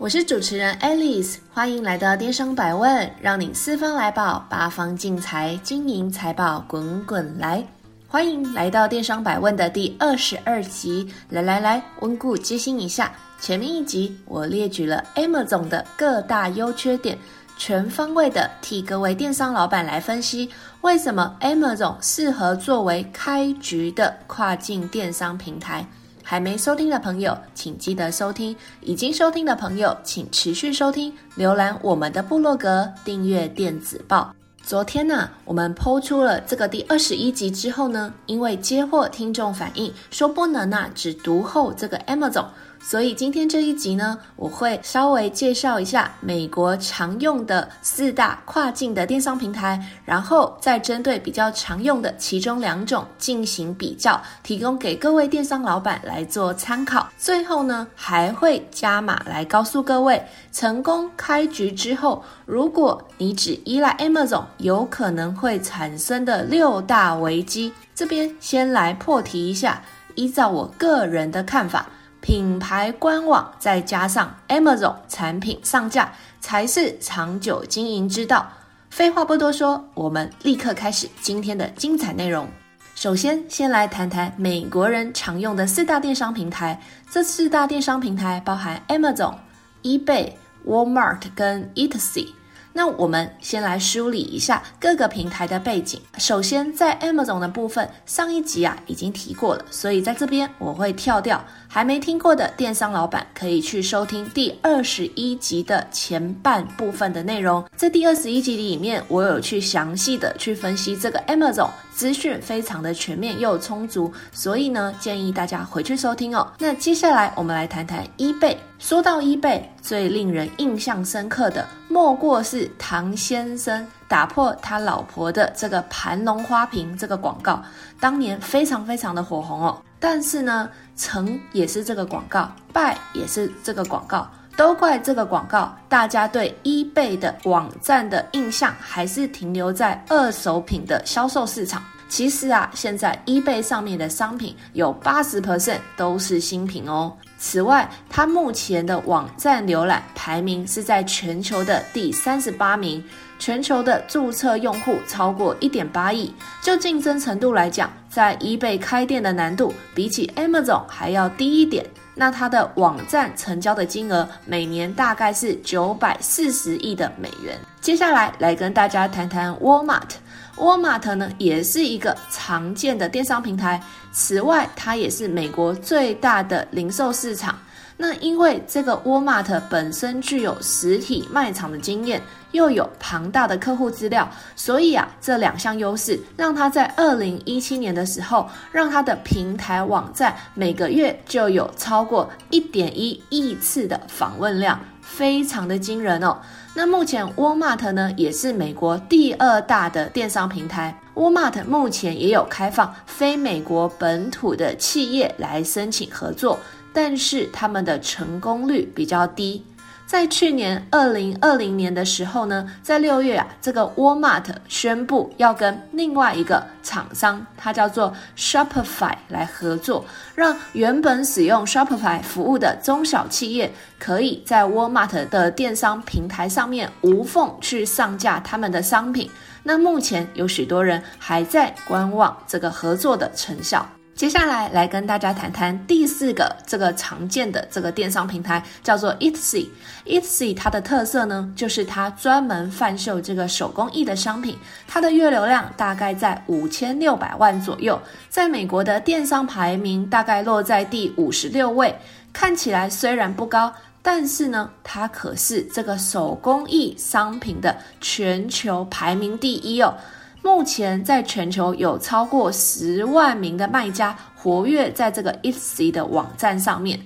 我是主持人 Alice，歡迎來到電商百問，讓你四方來寶，八方進財，金銀財寶滾滾來。歡迎來到電商百問的第二十二集，來來來，溫故知新一下。前面一集我列舉了 Amazon 的各大優缺點，全方位的替各位電商老板來分析，為什麼 Amazon 適合作為開局的跨境電商平台。還沒收聽的朋友，請記得收聽；已經收聽的朋友，請持續收聽。瀏覽我們的部落格，訂閱電子報。昨天呢、啊，我們拋出了這個第二十一集之後呢，因為接獲聽眾反映說不能啊，只讀後這個 Amazon。所以今天這一集呢，我會稍微介紹一下美國常用的四大跨境的電商平台，然後再針對比較常用的其中兩種進行比較，提供給各位電商老板來做參考。最後呢，還會加碼來告訴各位，成功開局之後，如果你只依賴 Amazon，有可能會產生的六大危機。這邊先來破題一下，依照我個人的看法。品牌官網再加上 Amazon 產品上架才是長久經營之道。廢話不多說，我們立刻開始今天的精彩內容。首先，先來談談美國人常用的四大電商平台。這四大電商平台包含 Amazon、eBay、Walmart 跟 Etsy。那我們先來梳理一下各個平台的背景。首先，在 Amazon 的部分，上一集啊已經提過了，所以在這邊我會跳掉。還沒聽過的電商老板可以去收聽第二十一集的前半部分的內容。在第二十一集裡面，我有去詳細的去分析這個 Amazon。資訊非常的全面又充足，所以呢，建議大家回去收聽哦。那接下來我們來談談 eBay。說到 eBay，最令人印象深刻的，莫過是唐先生打破他老婆的這個盤龍花瓶這個廣告，當年非常非常的火紅哦。但是呢，成也是這個廣告，敗也是這個廣告。都怪這個廣告，大家對 eBay 的網站的印象還是停留在二手品的銷售市場。其實啊，現在 eBay 上面的商品有八十 percent 都是新品哦。此外，它目前的網站瀏覽排名是在全球的第三十八名，全球的註冊用戶超過一點八億。就競爭程度來講，在 eBay 開店的難度比起 Amazon 還要低一點。那它的網站成交的金額每年大概是九百四十億的美元。接下來來跟大家談談 Walmart，Walmart 呢也是一個常見的電商平台，此外，它也是美國最大的零售市場。那因為這個 Walmart 本身具有實體賣場的經驗，又有龐大的客戶資料，所以啊，這兩項優勢讓它在二零一七年的時候，讓它的平台網站每個月就有超過一點一億次的訪問量，非常的驚人哦。那目前 Walmart 呢，也是美國第二大的電商平台，Walmart 目前也有開放非美國本土的企業來申請合作。但是他們的成功率比較低，在去年二零二零年的時候呢，在六月啊，這個 Walmart 宣布要跟另外一個廠商，它叫做 Shopify 來合作，讓原本使用 Shopify 服務的中小企業，可以在 Walmart 的電商平台上面無縫去上架他們的商品。那目前有許多人還在觀望這個合作的成效。接下來來跟大家談談第四個這個常見的這個電商平台，叫做 Etsy。Etsy 它的特色呢，就是它專門販售這個手工藝的商品。它的月流量大概在五千六百萬左右，在美國的電商排名大概落在第五十六位。看起來雖然不高，但是呢，它可是這個手工藝商品的全球排名第一哦。目前在全球有超過十萬名的賣家活躍在這個 Etsy 的網站上面。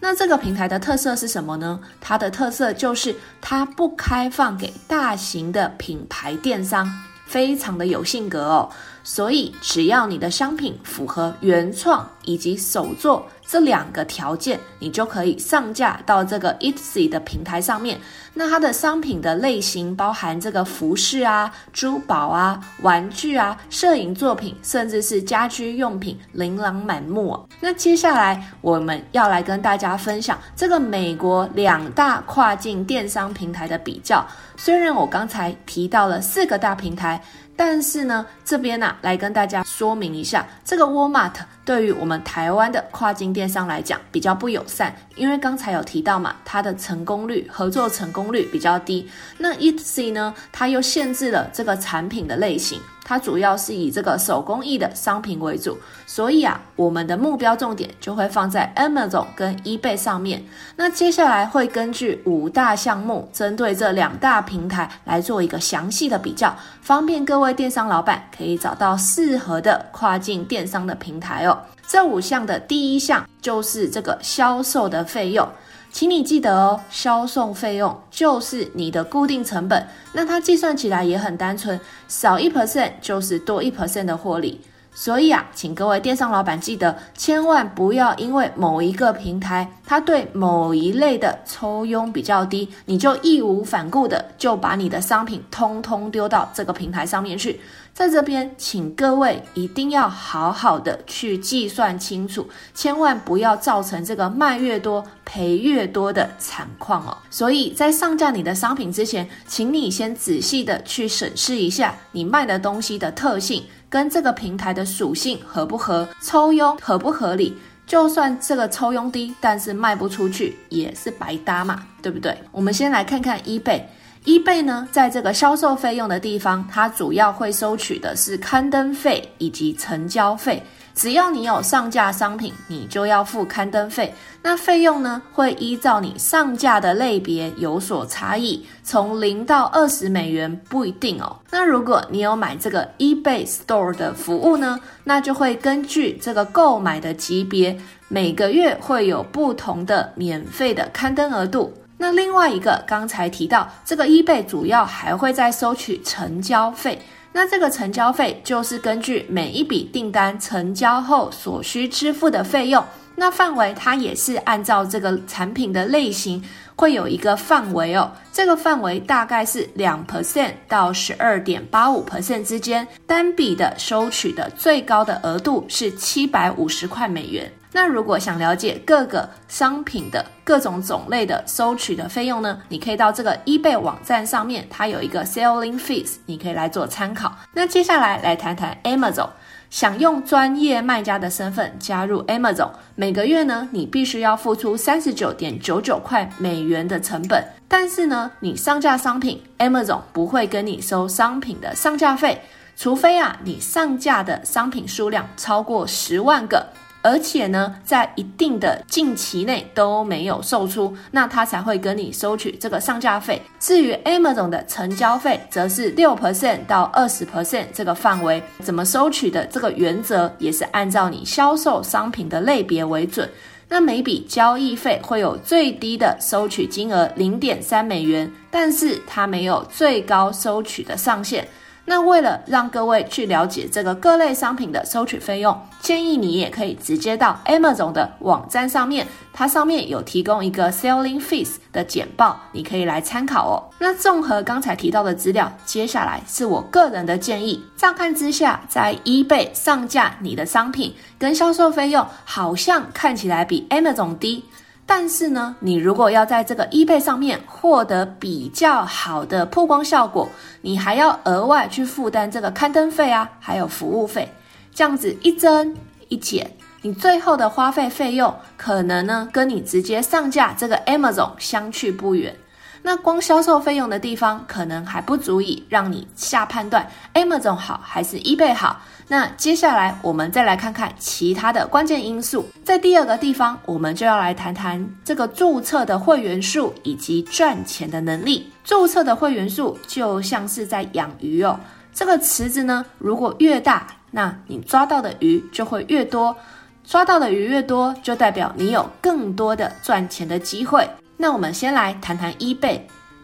那這個平台的特色是什麼呢？它的特色就是它不開放給大型的品牌電商，非常的有性格哦。所以，只要你的商品符合原創以及手作這兩個條件，你就可以上架到這個 Etsy 的平台上面。那它的商品的類型包含這個服飾啊、珠寶啊、玩具啊、攝影作品，甚至是家居用品，琳琅滿目啊。那接下來我們要來跟大家分享這個美國兩大跨境電商平台的比較。雖然我剛才提到了四個大平台。但是呢，這邊呢、啊，來跟大家說明一下，這個 Walmart，對於我們台灣的跨境電商來講，比較不友善，因為剛才有提到嘛，它的成功率、合作成功率比較低。那 Etsy 呢，它又限制了這個產品的類型，它主要是以這個手工藝的商品為主。所以啊，我們的目標重點就會放在 Amazon 跟 eBay 上面。那接下來會根據五大項目，針對這兩大平台來做一個詳細的比較，方便各位電商老板可以找到適合的跨境電商的平台哦。這五項的第一項就是這個銷售的費用，請你記得哦。銷售費用就是你的固定成本，那它計算起來也很單純，少1，少一 percent 就是多一 percent 的獲利。所以啊，請各位電商老板記得，千萬不要因為某一個平台它對某一類的抽佣比較低，你就義無反顧的就把你的商品通通丟到這個平台上面去。在這邊，請各位一定要好好的去計算清楚，千萬不要造成這個賣越多賠越多的慘況哦。所以在上架你的商品之前，請你先仔細的去審視一下你賣的東西的特性跟這個平台的屬性合不合，抽佣合不合理。就算這個抽佣低，但是賣不出去也是白搭嘛，對不對？我們先來看看 eBay。eBay 呢，在這個銷售費用的地方，它主要會收取的是刊登費以及成交費。只要你有上架商品，你就要付刊登費。那費用呢，會依照你上架的類別有所差異，從零到二十美元不一定哦。那如果你有買這個 eBay Store 的服務呢，那就會根據這個購買的級別，每個月會有不同的免費的刊登額度。那另外一個，剛才提到這個 eBay 主要還會再收取成交費，那這個成交費就是根據每一筆訂單成交後所需支付的費用，那範圍它也是按照這個產品的類型會有一個範圍哦，這個範圍大概是兩 percent 到十二點八五 percent 之間，單筆的收取的最高的額度是七百五十塊美元。那如果想了解各個商品的各種種類的收取的費用呢？你可以到這個 eBay 網站上面，它有一個 Selling Fees，你可以來做參考。那接下來來談談 Amazon，想用專業賣家的身份加入 Amazon，每個月呢你必須要付出三十九點九九塊美元的成本。但是呢，你上架商品 Amazon 不會跟你收商品的上架費，除非啊你上架的商品數量超過十萬個。而且呢，在一定的近期內都沒有售出，那他才會跟你收取這個上架費。至於 Amazon 的成交費，則是百分之六到百分之二十這個範圍。怎麼收取的這個原則也是按照你銷售商品的類別為準。那每筆交易費會有最低的收取金額零點三美元，但是它沒有最高收取的上限。那為了讓各位去了解這個各類商品的收取費用，建議你也可以直接到 Amazon 的網站上面，它上面有提供一個 Selling Fees 的簡報，你可以來參考哦。那綜合剛才提到的資料，接下來是我個人的建議。乍看之下，在 eBay 上架你的商品跟銷售費用，好像看起來比 Amazon 低。但是呢，你如果要在這個 eBay 上面獲得比較好的曝光效果，你還要額外去負擔這個刊登費啊，還有服務費，這樣子一增一減，你最後的花費費用可能呢，跟你直接上架這個 Amazon 相去不遠。那光銷售費用的地方，可能還不足以讓你下判斷，Amazon 好還是 eBay 好。那接下來我們再來看看其他的關鍵因素。在第二個地方，我們就要來談談這個注冊的會員數以及賺錢的能力。注冊的會員數就像是在養魚哦，這個池子呢，如果越大，那你抓到的魚就會越多，抓到的魚越多，就代表你有更多的賺錢的機會。那我們先來談談 eBay。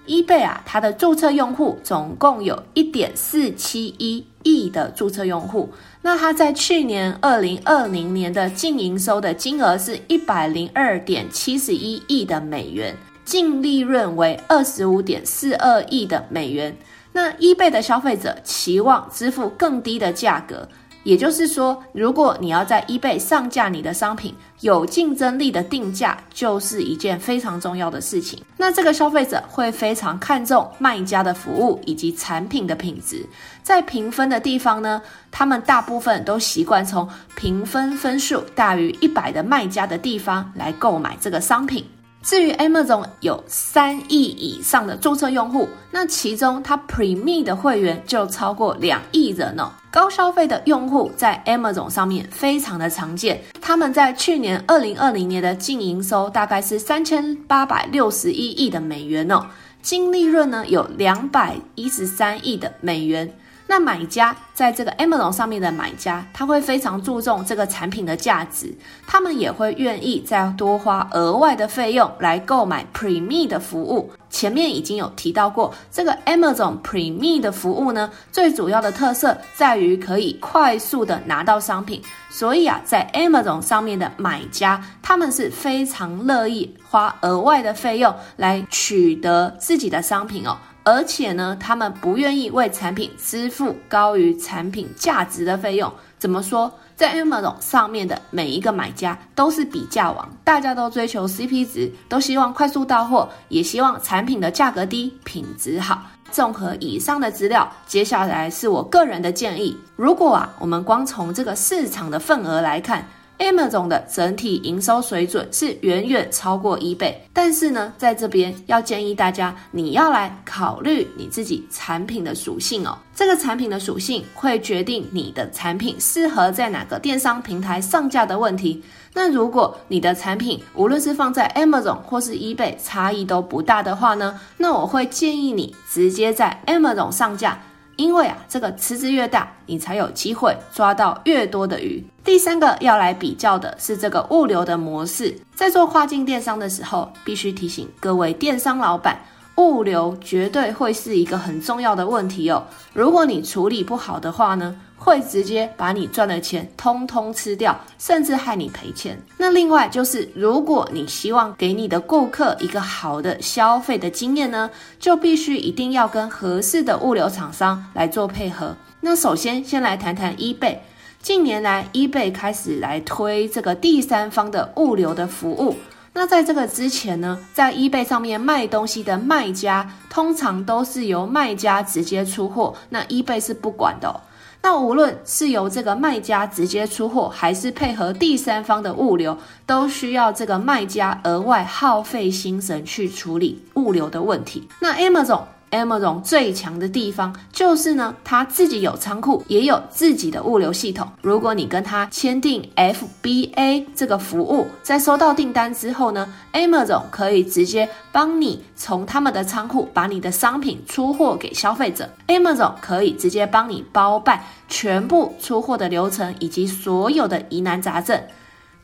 eBay 啊，它的註冊用戶總共有一點四七一億的註冊用戶。那它在去年二零二零年的淨營收的金額是一百零二點七十一億的美元，淨利潤為二十五點四二億的美元。那 eBay 的消費者期望支付更低的價格。也就是說，如果你要在 eBay 上架你的商品，有競爭力的定價就是一件非常重要的事情。那這個消費者會非常看重賣家的服務以及產品的品質。在評分的地方呢，他們大部分都習慣從評分分數大於一百的賣家的地方來購買這個商品。至於 Amazon 有三億以上的註冊用戶，那其中它 Prime 的會員就超過兩億人呢、哦。高消費的用戶在 Amazon 上面非常的常見，他們在去年二零二零年的淨營收大概是三千八百六十一億的美元哦，淨利潤呢有兩百一十三億的美元。那買家在這個 Amazon 上面的買家，他會非常注重這個產品的價值，他們也會願意再多花額外的費用來購買 Premium 的服務。前面已經有提到過，這個 Amazon Prime 的服務呢，最主要的特色在於可以快速的拿到商品，所以啊，在 Amazon 上面的買家，他們是非常樂意花額外的費用來取得自己的商品哦，而且呢，他們不願意為產品支付高於產品價值的費用，怎麼說？在 Amazon 上面的每一個買家都是比價王，大家都追求 CP 值，都希望快速到貨，也希望產品的價格低、品質好。綜合以上的資料，接下來是我個人的建議。如果啊，我們光從這個市場的份額來看。Amazon 的整體營收水準是遠遠超過 eBay，但是呢，在這邊要建議大家，你要來考慮你自己產品的屬性哦。這個產品的屬性會決定你的產品適合在哪個電商平台上架的問題。那如果你的產品無論是放在 Amazon 或是 eBay，差異都不大的話呢，那我會建議你直接在 Amazon 上架。因為啊，這個池子越大，你才有機會抓到越多的魚。第三個要來比較的是這個物流的模式，在做跨境電商的時候，必須提醒各位電商老板，物流絕對會是一個很重要的問題哦。如果你處理不好的話呢，會直接把你賺的錢通通吃掉，甚至害你賠錢。那另外就是，如果你希望給你的顧客一個好的消費的經驗呢，就必須一定要跟合適的物流廠商來做配合。那首先先來談談 eBay。近年來，eBay 開始來推這個第三方的物流的服務。那在這個之前呢，在 eBay 上面賣東西的賣家，通常都是由賣家直接出貨，那 eBay 是不管的哦。那無論是由這個賣家直接出貨，還是配合第三方的物流，都需要這個賣家額外耗費心神去處理物流的問題。那 Amazon。Amazon 最強的地方就是呢，它自己有倉庫，也有自己的物流系統。如果你跟他簽訂 FBA 這個服務，在收到訂單之後呢，Amazon 可以直接幫你從他們的倉庫把你的商品出貨給消費者。Amazon 可以直接幫你包辦全部出貨的流程以及所有的疑難雜症。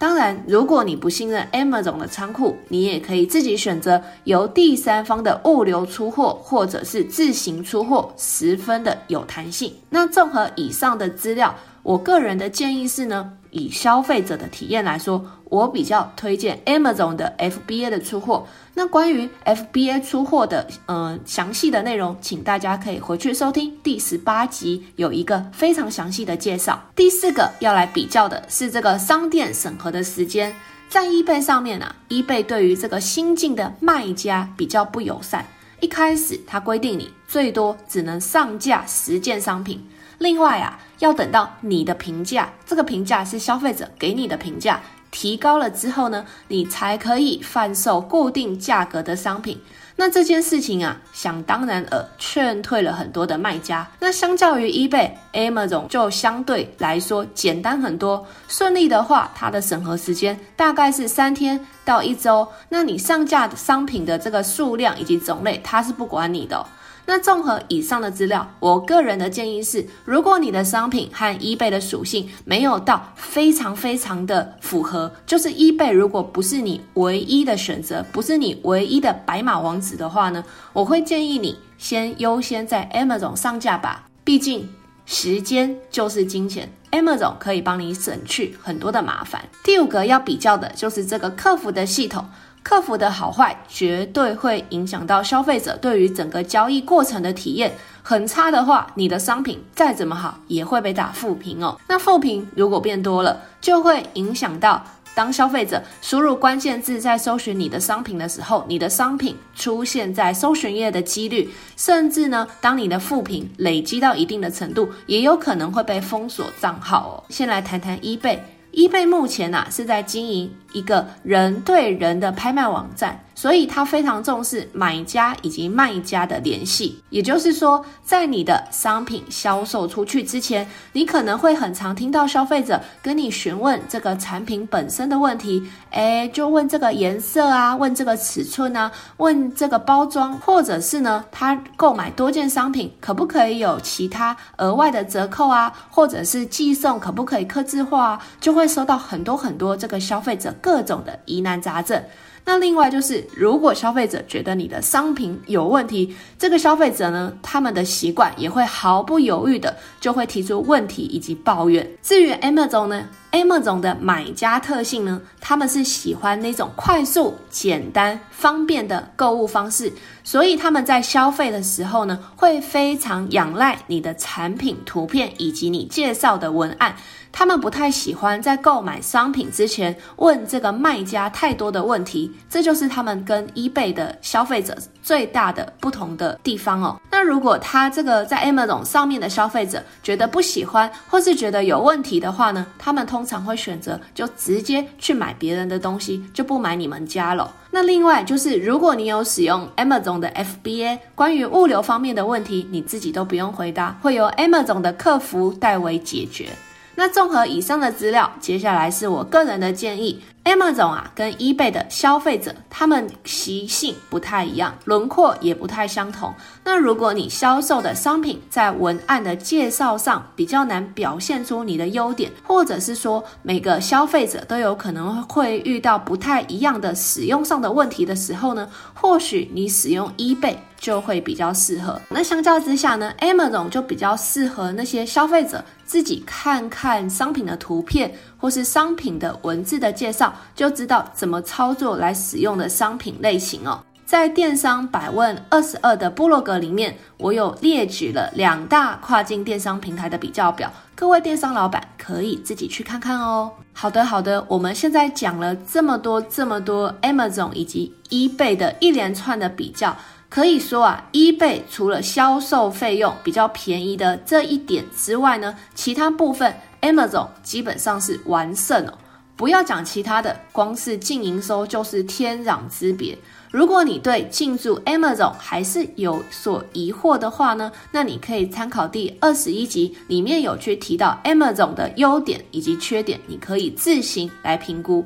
當然，如果你不信任 Amazon 的倉庫，你也可以自己選擇由第三方的物流出貨，或者是自行出貨，十分的有彈性。那綜合以上的資料。我個人的建議是呢，以消費者的體驗來說，我比較推薦 Amazon 的 FBA 的出貨。那關於 FBA 出貨的，嗯，呃，詳細的內容，請大家可以回去收聽第十八集，有一個非常詳細的介紹。第四個要來比較的是這個商店審核的時間，在 eBay 上面呢，啊，eBay 對於這個新進的賣家比較不友善，一開始它規定你最多只能上架十件商品，另外啊。要等到你的評價，這個評價是消費者給你的評價提高了之後呢，你才可以販售固定價格的商品。那這件事情啊，想當然爾勸退了很多的賣家。那相較於 eBay、Amazon 就相對來說簡單很多。順利的話，它的審核時間大概是三天到一周。那你上架的商品的這個數量以及種類，它是不管你的哦。那綜合以上的資料，我個人的建議是：如果你的商品和 eBay 的屬性沒有到非常非常的符合，就是 eBay 如果不是你唯一的選擇，不是你唯一的白馬王子的話呢，我會建議你先優先在 Amazon 上架吧。畢竟時間就是金錢，Amazon 可以幫你省去很多的麻煩。第五個要比較的就是這個客服的系統。客服的好壞絕對會影響到消費者對於整個交易過程的體驗。很差的話，你的商品再怎麼好也會被打負評哦。那負評如果變多了，就會影響到當消費者輸入關鍵字在搜尋你的商品的時候，你的商品出現在搜尋頁的幾率。甚至呢，當你的負評累積到一定的程度，也有可能會被封鎖賬號哦。先來談談 eBay。eBay 目前呢、啊，是在經營一個人對人的拍賣網站。所以，他非常重視買家以及賣家的聯繫。也就是說，在你的商品銷售出去之前，你可能會很常聽到消費者跟你詢問這個產品本身的問題。誒，就問這個顏色啊，問這個尺寸呢、啊，問這個包裝，或者是呢，他購買多件商品可不可以有其他額外的折扣啊？或者是寄送可不可以客製化？啊，就會收到很多很多這個消費者各種的疑難雜症。那另外就是，如果消費者覺得你的商品有問題，這個消費者呢，他們的習慣也會毫不猶豫的。就會提出問題以及抱怨。至於 Amazon 呢，Amazon 的買家特性呢，他們是喜歡那種快速、簡單、方便的購物方式，所以他們在消費的時候呢，會非常仰賴你的產品圖片以及你介紹的文案。他們不太喜歡在購買商品之前問這個賣家太多的問題，這就是他們跟 eBay 的消費者最大的不同的地方哦。那如果他這個在 Amazon 上面的消費者，覺得不喜歡或是覺得有問題的話呢，他們通常會選擇就直接去買別人的東西，就不買你們家了。那另外就是，如果你有使用 Amazon 的 FBA，關於物流方面的問題，你自己都不用回答，會由 Amazon 的客服代為解決。那綜合以上的資料，接下來是我個人的建議。Amazon 啊，跟 eBay 的消費者，他們習性不太一樣，輪廓也不太相同。那如果你銷售的商品在文案的介紹上比較難表現出你的優點，或者是說每個消費者都有可能會遇到不太一樣的使用上的問題的時候呢，或許你使用 eBay。就會比較適合。那相較之下呢，Amazon 就比較適合那些消費者自己看看商品的圖片或是商品的文字的介紹，就知道怎麼操作來使用的商品類型哦。在電商百問二十二的部落格裡面，我有列舉了兩大跨境電商平台的比較表，各位電商老板可以自己去看看哦。好的，好的，我們現在講了這麼多這麼多 Amazon 以及 eBay 的一連串的比較。可以說啊，eBay 除了銷售費用比較便宜的這一點之外呢，其他部分 Amazon 基本上是完勝哦。不要講其他的，光是淨營收就是天壤之別。如果你對進駐 Amazon 還是有所疑惑的話呢，那你可以參考第二十一集裡面有去提到 Amazon 的優點以及缺點，你可以自行來評估。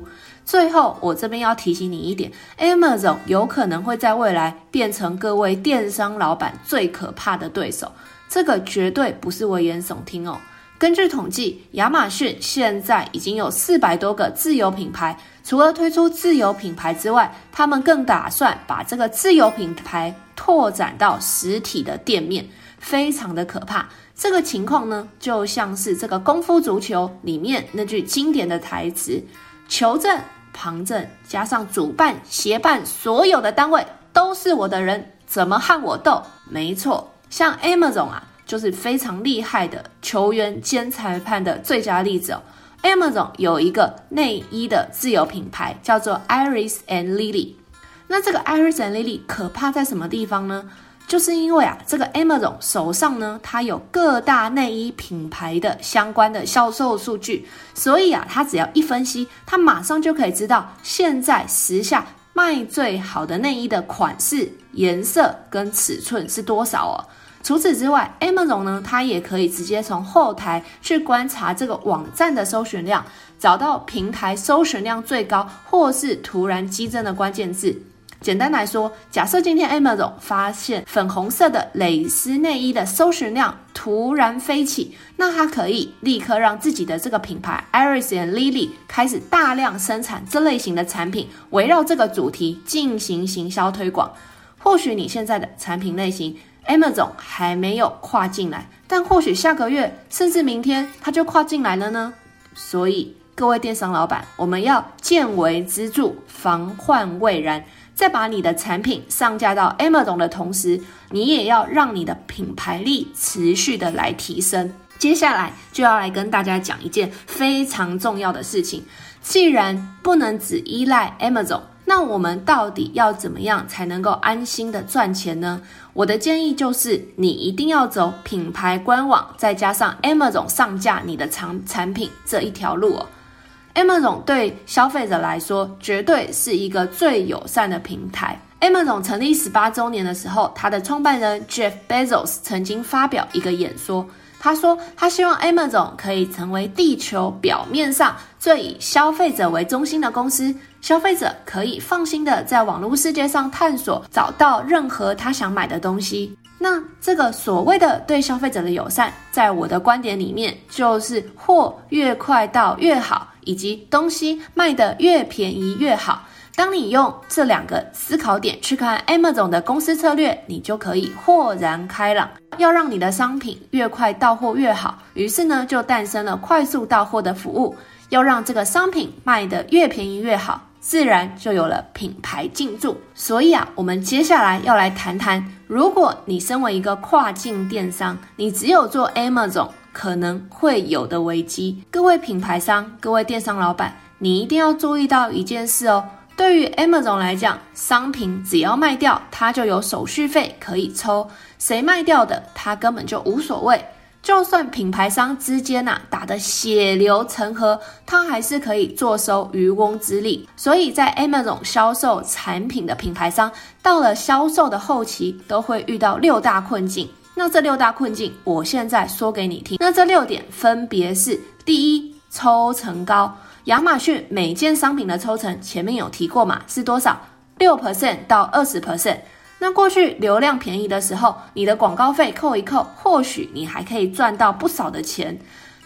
最後，我這邊要提醒你一點，Amazon 有可能會在未來變成各位電商老板最可怕的對手，這個絕對不是危言聳聽哦。根據統計，亞馬遜現在已經有四百多個自有品牌，除了推出自有品牌之外，他們更打算把這個自有品牌拓展到實體的店面，非常的可怕。這個情況呢，就像是這個功夫足球裡面那句經典的台詞：“球證。”旁證加上主辦協辦，所有的單位都是我的人，怎麼和我鬥？沒錯，像 Amazon 啊，就是非常厲害的球員兼裁判的最佳例子哦。Amazon 有一個內衣的自有品牌，叫做 Iris and Lily。那這個 Iris and Lily 可怕在什麼地方呢？就是因為啊，這個 Amazon 手上呢，它有各大內衣品牌的相關的銷售數據，所以啊，它只要一分析，它馬上就可以知道現在時下賣最好的內衣的款式、顏色跟尺寸是多少哦。除此之外，Amazon 呢，它也可以直接從後台去觀察這個網站的搜尋量，找到平台搜尋量最高或是突然激增的關鍵字。簡單來說，假設今天 Amazon 發現粉紅色的蕾絲內衣的搜尋量突然飛起，那它可以立刻讓自己的這個品牌 Iris & Lily 開始大量生產這類型的產品，圍繞這個主題進行行銷推廣。或許你現在的產品類型 Amazon 還沒有跨進來，但或許下個月甚至明天它就跨進來了呢。所以，各位電商老闆，我們要見微知著，防患未然。在把你的產品上架到 Amazon 的同時，你也要讓你的品牌力持續的來提升。接下來就要來跟大家講一件非常重要的事情：既然不能只依賴 Amazon，那我們到底要怎麼樣才能夠安心的賺錢呢？我的建議就是，你一定要走品牌官網，再加上 Amazon 上架你的產產品這一條路哦。Amazon 對消費者來說，絕對是一個最友善的平台。Amazon 成立十八周年的時候，它的創辦人 Jeff Bezos 曾經發表一個演說，他說：“他希望 Amazon 可以成為地球表面上最以消費者為中心的公司，消費者可以放心的在網絡世界上探索，找到任何他想買的東西。”那這個所謂的對消費者的友善，在我的觀點裡面，就是貨越快到越好。以及東西賣得越便宜越好。當你用這兩個思考點去看 Amazon 的公司策略，你就可以豁然開朗。要讓你的商品越快到貨越好，於是呢，就誕生了快速到貨的服務。要讓這個商品賣得越便宜越好，自然就有了品牌進駐。所以啊，我們接下來要來談談，如果你身為一個跨境電商，你只有做 Amazon。可能會有的危機，各位品牌商、各位電商老板，你一定要注意到一件事哦。對於 Amazon 來講，商品只要賣掉，它就有手續費可以抽，誰賣掉的，它根本就無所謂。就算品牌商之間吶、啊、打得血流成河，它還是可以坐收漁翁之利。所以在 Amazon 銷售產品的品牌商，到了銷售的後期，都會遇到六大困境。那這六大困境，我現在說給你聽。那這六點分別是：第一，抽成高。亞馬遜每件商品的抽成，前面有提過嘛？是多少？六 percent 到二十 percent。那過去流量便宜的時候，你的廣告費扣一扣，或許你還可以賺到不少的錢。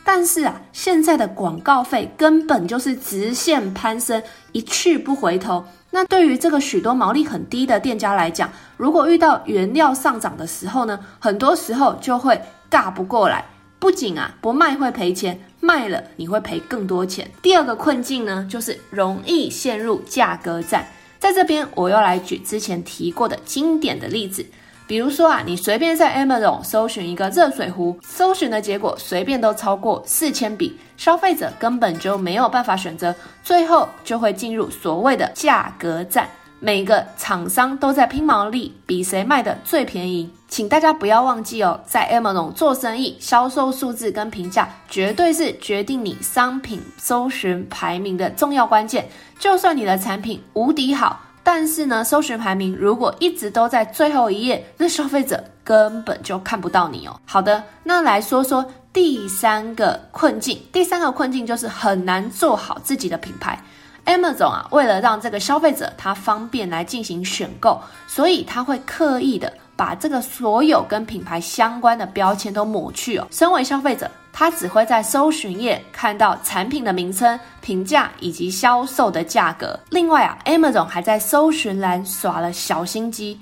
但是啊，現在的廣告費根本就是直線攀升，一去不回頭。那對於這個許多毛利很低的店家來講，如果遇到原料上漲的時候呢，很多時候就會尬不過來。不僅啊，不賣會賠錢，賣了你會賠更多錢。第二個困境呢，就是容易陷入價格戰。在這邊，我又來舉之前提過的經典的例子。比如說啊，你隨便在 Amazon 搜尋一個熱水壺，搜尋的結果隨便都超過四千筆，消費者根本就沒有辦法選擇，最後就會進入所謂的價格戰，每個廠商都在拼毛利，比誰賣的最便宜。請大家不要忘記哦，在 Amazon 做生意，銷售數字跟評價絕對是決定你商品搜尋排名的重要關鍵。就算你的產品無敵好，但是呢，搜尋排名如果一直都在最後一頁，那消費者根本就看不到你哦。好的，那來說說第三個困境。第三個困境就是很難做好自己的品牌。Amazon 啊，為了讓這個消費者他方便來進行選購，所以他會刻意的。把這個所有跟品牌相關的標籤都抹去哦。身為消費者，他只會在搜尋頁看到產品的名稱、評價以及銷售的價格。另外啊，Amazon 還在搜尋欄耍了小心機，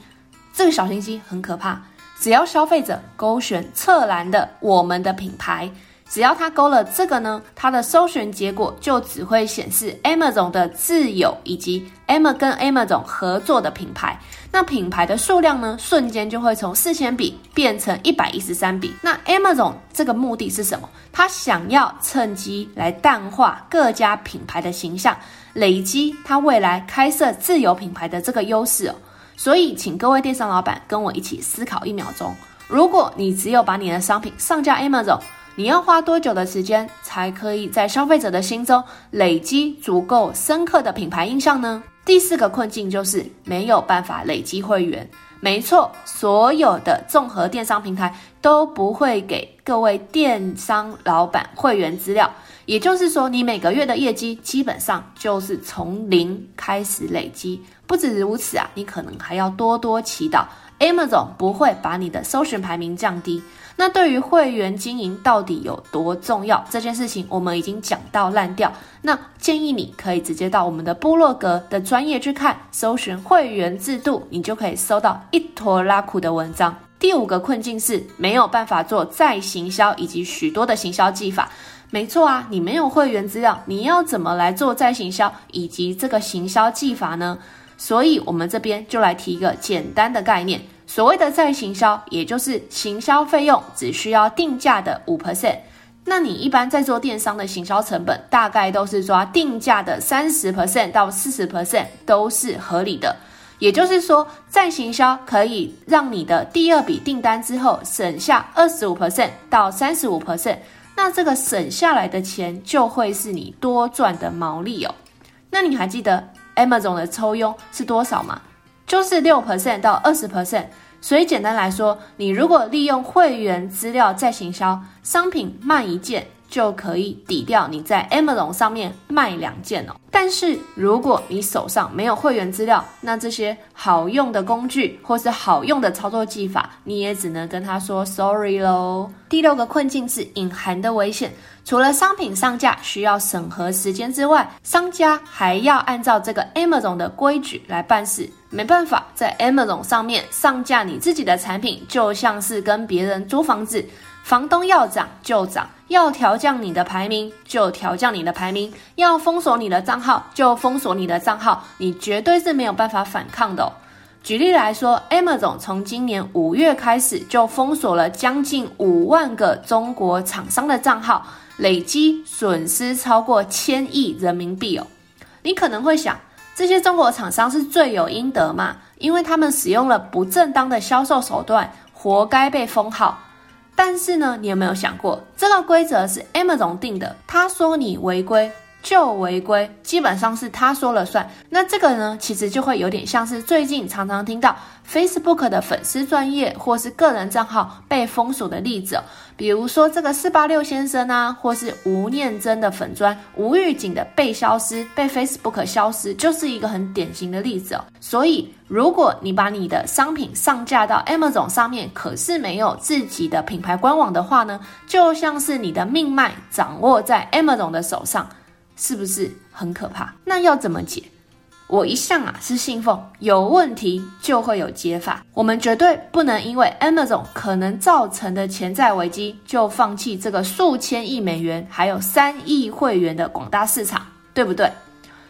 這個小心機很可怕。只要消費者勾選側欄的“我們的品牌”，只要他勾了這個呢，他的搜尋結果就只會顯示 Amazon 的自有以及 Amazon 跟 Amazon 合作的品牌。那品牌的數量呢？瞬間就會從四千筆變成一百一十三筆。那 Amazon 這個目的是什麼？他想要趁機來淡化各家品牌的形象，累積他未來開設自有品牌的這個優勢哦。所以，請各位電商老闆跟我一起思考一秒鐘：如果你只有把你的商品上架 Amazon，你要花多久的時間才可以在消費者的心中累積足夠深刻的品牌印象呢？第四個困境就是沒有辦法累積會員。沒錯，所有的綜合電商平台都不會給各位電商老板會員資料，也就是說，你每個月的業績基本上就是從零開始累積。不止如此啊，你可能還要多多祈禱，Amazon 不會把你的搜尋排名降低。那對於會員經營到底有多重要這件事情，我們已經講到爛掉。那建議你可以直接到我們的部落格的專頁去看，搜尋會員制度，你就可以搜到一拖拉庫的文章。第五個困境是沒有辦法做再行銷以及許多的行銷技法。沒錯啊，你沒有會員資料，你要怎麼來做再行銷以及這個行銷技法呢？所以，我們這邊就來提一個簡單的概念。所謂的再行銷，也就是行銷費用只需要定價的五 percent，那你一般在做電商的行銷成本，大概都是抓定價的三十 percent 到四十 percent 都是合理的。也就是說，再行銷可以讓你的第二筆訂單之後省下二十五 percent 到三十五 percent，那這個省下來的錢就會是你多賺的毛利哦。那你還記得 Amazon 的抽佣是多少嗎？就是六 percent 到二十 percent。所以簡單來說，你如果利用會員資料再行銷商品慢，賣一件。就可以抵掉你在 Amazon 上面賣兩件哦。但是如果你手上沒有會員資料，那這些好用的工具或是好用的操作技法，你也只能跟他說 sorry 咯。第六個困境是隱含的危險。除了商品上架需要審核時間之外，商家還要按照這個 Amazon 的規矩來辦事。沒辦法，在 Amazon 上面上架你自己的產品，就像是跟別人租房子。房東要漲就漲，要調降你的排名就調降你的排名，要封鎖你的賬號就封鎖你的賬號，你絕對是沒有辦法反抗的哦。舉例來說，Amazon 從今年五月開始就封鎖了將近五萬個中國廠商的賬號，累積損失超過千億人民幣哦。你可能會想，這些中國廠商是罪有應得嘛？因為他們使用了不正當的銷售手段，活該被封號。但是呢，你有沒有想過，這個規則是 Amazon 定的，他說你違規，就違規，基本上是他說了算。那這個呢，其實就會有點像是最近常常聽到 Facebook 的粉絲專頁或是個人賬號被封鎖的例子，哦，比如說這個486先生呢，啊，或是吳念真的粉專，無預警的被消失，被 Facebook 消失，就是一個很典型的例子哦。所以，如果你把你的商品上架到 Amazon 上面，可是沒有自己的品牌官網的話呢，就像是你的命脈掌握在 Amazon 的手上。是不是很可怕？那要怎麼解？我一向啊，是信奉，有問題就會有解法，我們絕對不能因為 Amazon 可能造成的潛在危機，就放棄這個數千億美元還有三億會員的廣大市場，對不對？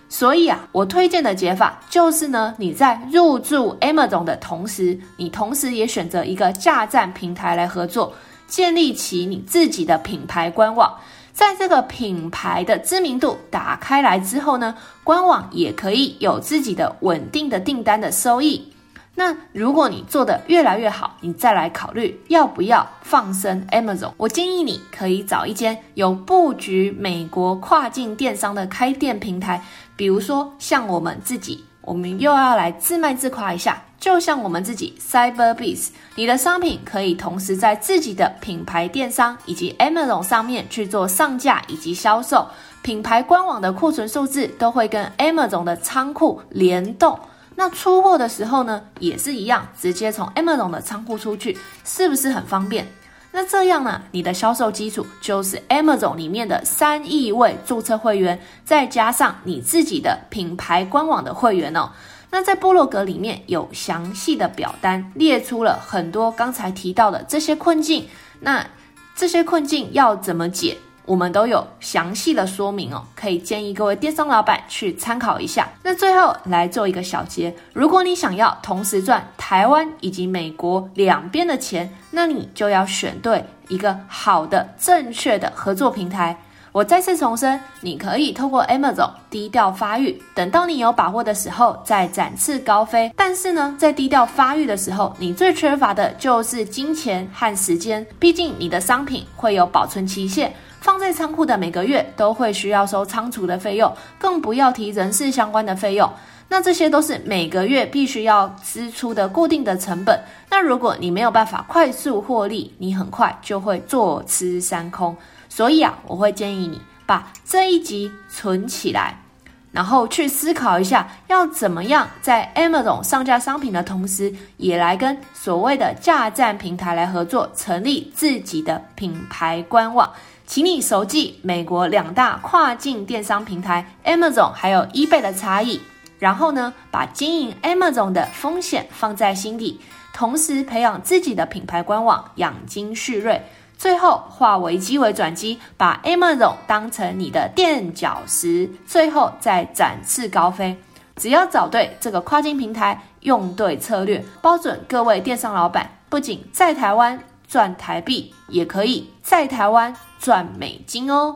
所以啊，我推薦的解法就是呢，你在入駐 Amazon 的同時，你同時也選擇一個架站平台來合作，建立起你自己的品牌官網。在這個品牌的知名度打開來之後呢，官網也可以有自己的穩定的訂單的收益。那如果你做得越來越好，你再來考慮要不要放生 Amazon。我建議你可以找一間有布局美國跨境電商的開店平台，比如說像我們自己，我們又要來自賣自誇一下。就像我們自己 Cyberbiz，你的商品可以同時在自己的品牌電商以及 Amazon 上面去做上架以及銷售，品牌官網的庫存數字都會跟 Amazon 的倉庫聯動。那出貨的時候呢，也是一樣，直接從 Amazon 的倉庫出去，是不是很方便？那這樣呢，你的銷售基礎就是 Amazon 裡面的三億位註冊會員，再加上你自己的品牌官網的會員哦。那在部落格裡面有詳細的表單，列出了很多剛才提到的這些困境。那這些困境要怎麼解？我們都有詳細的說明哦，可以建議各位電商老板去參考一下。那最後來做一個小結：如果你想要同時賺台灣以及美國兩邊的錢，那你就要選對一個好的、正確的合作平台。我再次重申，你可以透過 Amazon 低調發育，等到你有把握的時候再展翅高飛。但是呢，在低調發育的時候，你最缺乏的就是金錢和時間。畢竟你的商品會有保存期限，放在倉庫的每個月都會需要收倉儲的費用，更不要提人事相關的費用。那這些都是每個月必須要支出的固定的成本。那如果你沒有辦法快速獲利，你很快就會坐吃山空。所以啊，我會建議你把這一集存起來，然後去思考一下，要怎麼樣在 Amazon 上架商品的同時，也來跟所謂的架站平台來合作，成立自己的品牌官網。請你熟記美國兩大跨境電商平台 Amazon 還有 eBay 的差異，然後呢，把經營 Amazon 的風險放在心底，同時培養自己的品牌官網，養精蓄銳。最後化危機為轉機，把 Amazon 當成你的墊腳石，最後再展翅高飛。只要找對這個跨境平台，用對策略，包準各位電商老闆，不僅在台灣賺台幣，也可以在台灣賺美金哦。